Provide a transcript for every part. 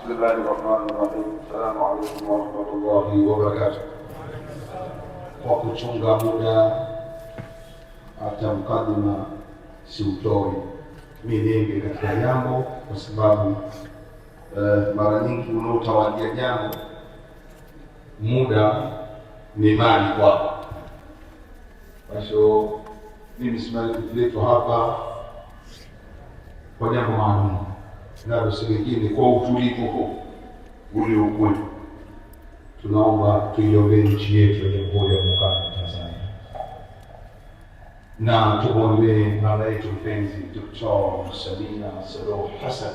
بسم الله الرحمن الرحيم السلام عليكم ورحمة الله وبركاته kwa kuchunga muda hata mkadhima siutoi milenge katika jambo kwa sababu uh, mara nyingi unaotawalia jambo muda ni mali kwako. Basi mimi simalikiletu hapa kwa jambo maalum linalosemekini kwa utulivu huu uliokwenda, tunaomba tuiombee nchi yetu ya Jamhuri ya Muungano wa Tanzania na tumwombee mama yetu mpenzi Dr. Samia Suluhu Hassan,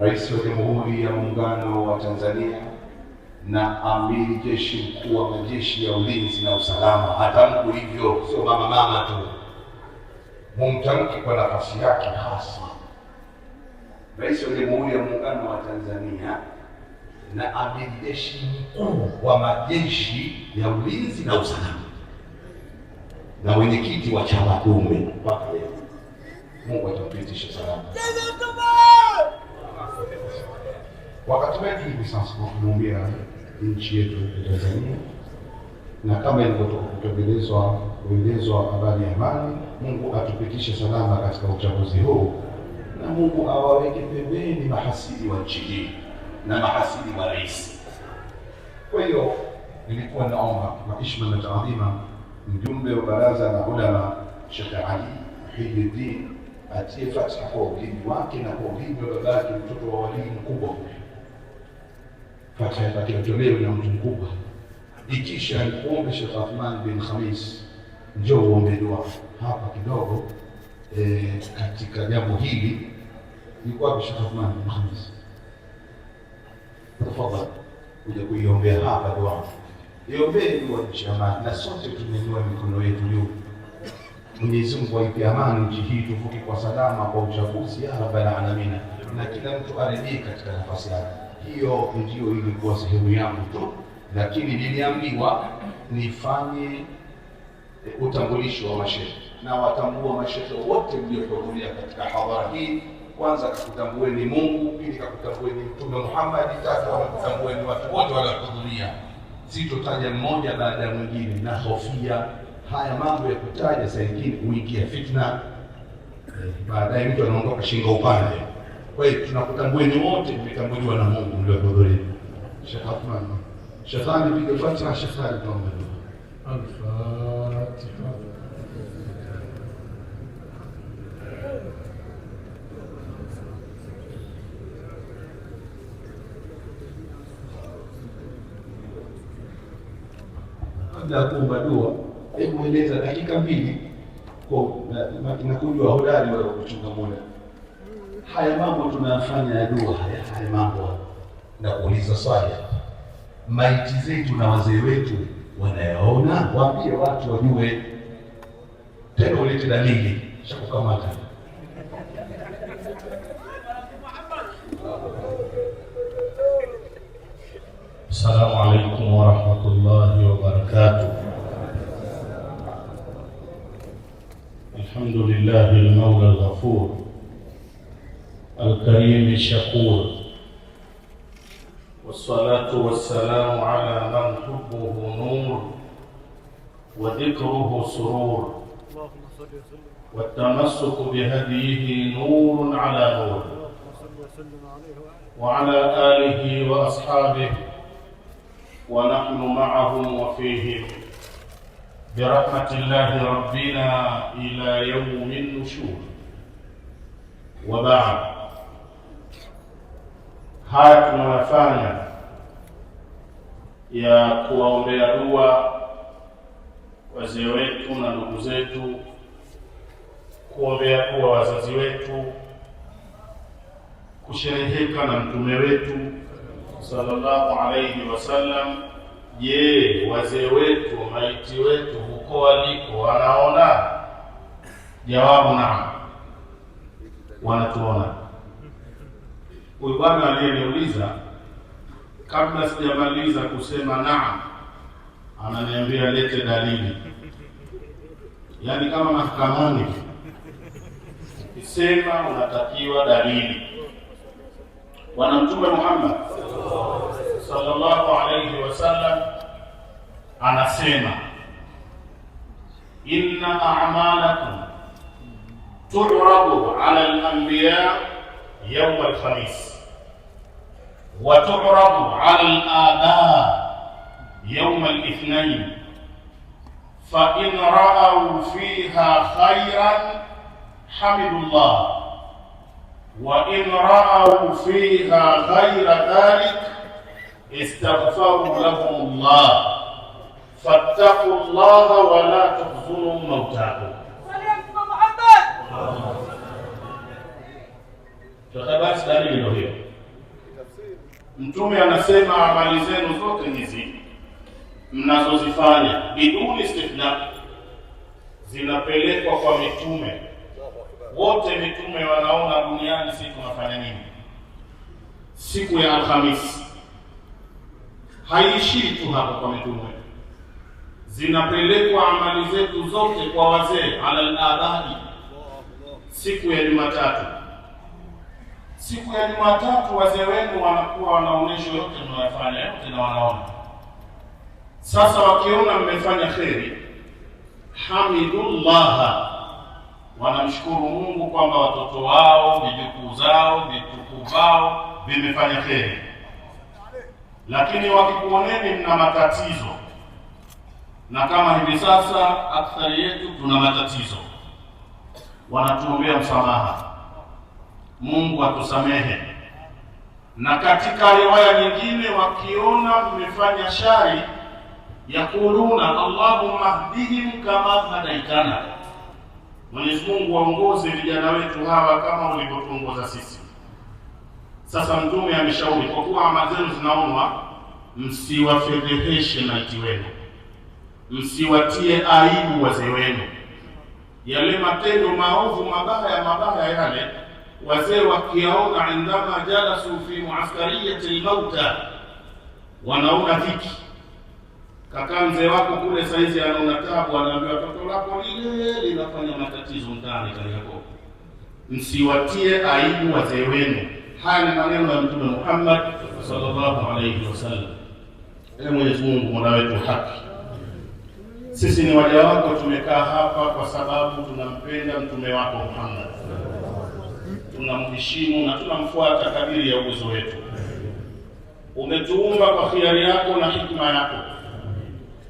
Rais wa Jamhuri ya Muungano wa Tanzania na amiri jeshi mkuu wa majeshi ya ulinzi na usalama. Hatamku hivyo, sio mama mama tu, mumtamke kwa nafasi yake hasa Rais wa Jamhuri ya Muungano wa Tanzania na amiri jeshi mkuu wa majeshi ya ulinzi na usalama na mwenyekiti wa chama kume mpaka leo. Mungu atampitisha salama. Wakati wetu hivi sasa wa kuombea nchi yetu ya Tanzania, na kama ilivyotoka kutengenezwa kuelezwa habari ya amani, Mungu atupitishe salama katika uchaguzi huu na Mungu awaweke pembeni mahasidi wa nchi hii na mahasidi wa rais. Kwa hiyo nilikuwa naomba kwa heshima na taadhima, mjumbe wa baraza la ulama Sheikh Ali Muhyiddin atie fatha kwa ulimi wake na kwa ulimi wa babake, mtoto wa walii mkubwa, fatha yake itolewe na mtu mkubwa. Ikisha alikuombe Sheikh Athman bin Khamis, njoo uombe dua hapa kidogo Eh, katika jambo hili ilikuwa Hamisi tafadhali kuja kuiombea hapa dua. Iombee dua nchi na sote tumenua mikono yetu juu. Mwenyezi Mungu aipe amani nchi hii, tuvuke kwa salama kwa uchaguzi ya rabbal alamin, na kila mtu arejee katika nafasi yake. Hiyo ndiyo ilikuwa sehemu yangu tu, lakini niliambiwa nifanye eh, utambulisho wa mashehe na watambua mashehe wote mliohudhuria katika hadhara hii. Kwanza kakutambueni Mungu, pili kakutambueni Mtume Muhammad, tatu ni watu wote waliohudhuria. Sitotaja mmoja baada ya mwingine, na hofia haya mambo ya kutaja saa ingine huingia fitna, baadaye mtu anaondoka shingo upande. Kwa hiyo tunakutambueni wote, mmetambuliwa na Mungu mliohudhuria. Sheikh Athman, Sheikh Ali, piga Fatiha. Sheikh Ali, tuombe Al-Fatiha. kabla ya kuomba dua, hebu eleza dakika mbili inakuja hodari wa kuchunga muda. Haya mambo tunayafanya ya dua haya, haya mambo na kuuliza swali, maiti zetu na wazee wetu wanayaona? Waambie watu wajue, tena ulete dalili shakukamata Assalamu alaikum warahmatullahi wabarakatuh. لله المولى الغفور الكريم الشكور والصلاة والسلام على من حبه نور وذكره سرور والتمسك بهديه نور على نور وعلى آله وأصحابه ونحن معهم وفيهم برحمة الله ربنا إلى يوم النشور وبعد haya tunayofanya ya kuwaombea dua wazee wetu na ndugu zetu, kuombea dua wazazi wetu, kushereheka na mtume wetu sallallahu alayhi wasallam Je, wazee wetu, maiti wetu huko waliko wanaona? Jawabu, naam, wanatuona. Huyu bwana aliyeniuliza, kabla sijamaliza kusema naam, ananiambia lete dalili. Yaani kama mahakamani ukisema unatakiwa dalili. Bwana Mtume Muhammad صلى الله عليه وسلم أنا سيما إن أعمالكم تعرض على الأنبياء يوم الخميس وتعرض على الآباء يوم الاثنين فإن رأوا فيها خيرا حمدوا الله وإن رأوا فيها غير ذلك istaghfaru lakum llah fattaqu llah wala tuhzunu mautakum. Basi dalili ndio hiyo. Mtume anasema amali zenu zote hizi mnazozifanya biduni istithna zinapelekwa kwa mitume wote. Mitume wanaona duniani siku nafanya nini? Siku ya Alhamisi haiishii tu hapa kwa mitume, zinapelekwa amali zetu zote kwa wazee, ala siku ya Jumatatu. Siku ya Jumatatu wazee wenu wanakuwa wanaonyesha yote mnayofanya, yote na wanaona. Sasa wakiona mmefanya kheri, hamidullaha wanamshukuru Mungu kwamba watoto wao, vijukuu zao, vitukuu vao vimefanya kheri lakini wakikuoneni mna matatizo, na kama hivi sasa akthari yetu tuna matatizo, wanatuombea msamaha, Mungu atusamehe. Na katika riwaya nyingine, wakiona mmefanya shari yakuluna allahumma hdihim kama hadaitana, Mwenyezi Mungu waongoze vijana wetu hawa kama ulivyotuongoza sisi. Sasa Mtume ameshauri kwa kuwa ama zenu zinaonwa, msiwafedheheshe maiti wenu, msiwatie aibu wazee wenu. Yale matendo maovu mabaya mabaya yale wazee wakiyaona, indama jalasu fi muaskariyati lmauta, wanaona dhiki. Kaka mzee wako kule saizi anaona tabu, anaambiwa toto lako lile linafanya matatizo ndani kaliyako. Msiwatie aibu wazee wenu. Haya ni maneno ya Mtume Muhammad sallallahu alayhi wasallam. Ee Mwenyezi Mungu, mola wetu haki, sisi ni waja wako, tumekaa hapa kwa sababu tunampenda mtume wako Muhammad, tunamheshimu na tunamfuata kadiri ya uwezo wetu. Umetuumba kwa khiari yako na hikma yako,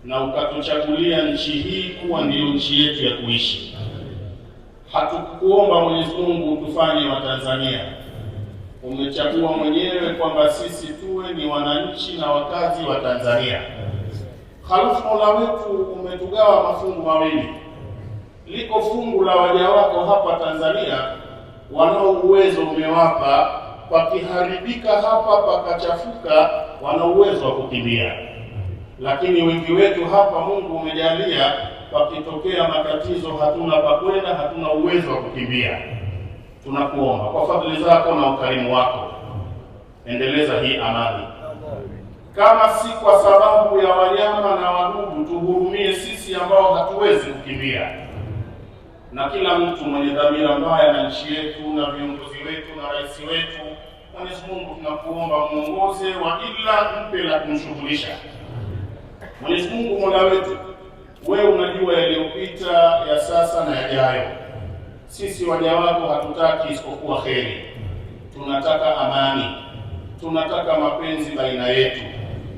na ukatuchagulia nchi hii kuwa ndiyo nchi yetu ya kuishi. Hatukuomba Mwenyezi Mungu tufanye Watanzania umechagua mwenyewe kwamba sisi tuwe ni wananchi na wakazi wa Tanzania. Halafu Mola wetu umetugawa mafungu mawili. Liko fungu la waja wako hapa Tanzania wanao uwezo umewapa, pakiharibika hapa pakachafuka, wana uwezo wa kukimbia, lakini wengi wetu hapa Mungu umejalia, pakitokea matatizo hatuna pakwenda, hatuna uwezo wa kukimbia tunakuomba kwa fadhili zako na ukarimu wako, endeleza hii amani, kama si kwa sababu ya wanyama na wadudu, tuhurumie sisi ambao hatuwezi kukimbia, na kila mtu mwenye dhamira mbaya na nchi yetu na viongozi wetu na rais wetu. Mwenyezi Mungu, tunakuomba mwongoze wa ila mpe la kumshughulisha. Mwenyezi Mungu Mola wetu, wewe unajua yaliyopita ya sasa na yajayo. Sisi waja wako hatutaki isipokuwa kheri, tunataka amani, tunataka mapenzi baina yetu,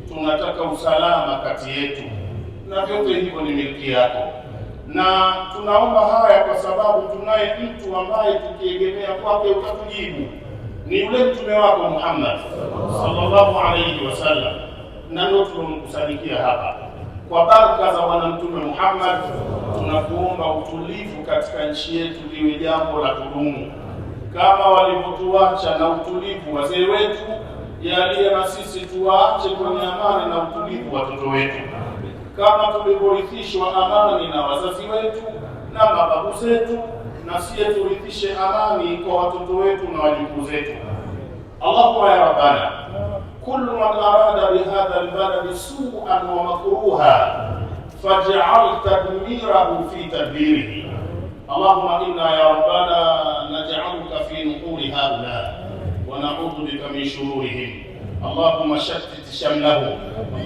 tunataka usalama kati yetu, na vyote hivyo ni milki yako, na tunaomba haya kwa sababu tunaye mtu ambaye tukiegemea kwake utatujibu, ni yule mtume wako Muhammad sallallahu alaihi wasallam, na ndio tulomkusanyikia hapa. Kwa baraka za Bwana Mtume Muhammad, tunakuomba utulivu katika nchi yetu liwe jambo la kudumu kama walivyotuacha na utulivu wazee wetu, yaliye na sisi tuwaache kwenye amani na utulivu watoto wetu, kama tulivyorithishwa amani na wazazi wetu na mababu zetu, na siye turithishe amani kwa watoto wetu na wajukuu zetu. Allahumma ya rabbana kullu man هذا البلد سوءا ومكروها فاجعل تدميره في تدبيره اللهم انا يا ربنا نجعلك في نحور هؤلاء ونعوذ بك من شرورهم اللهم شتت شملهم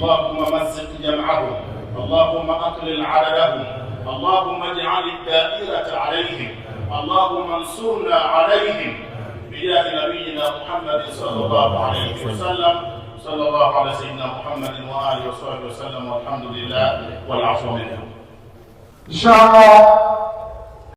اللهم مزق جمعهم اللهم اقلل عددهم اللهم اجعل الدائره عليهم اللهم انصرنا عليهم بجاه نبينا محمد صلى الله عليه وسلم وصلى الله على سيدنا محمد وآله وصحبه وسلم والحمد لله والعفو منه إن شاء الله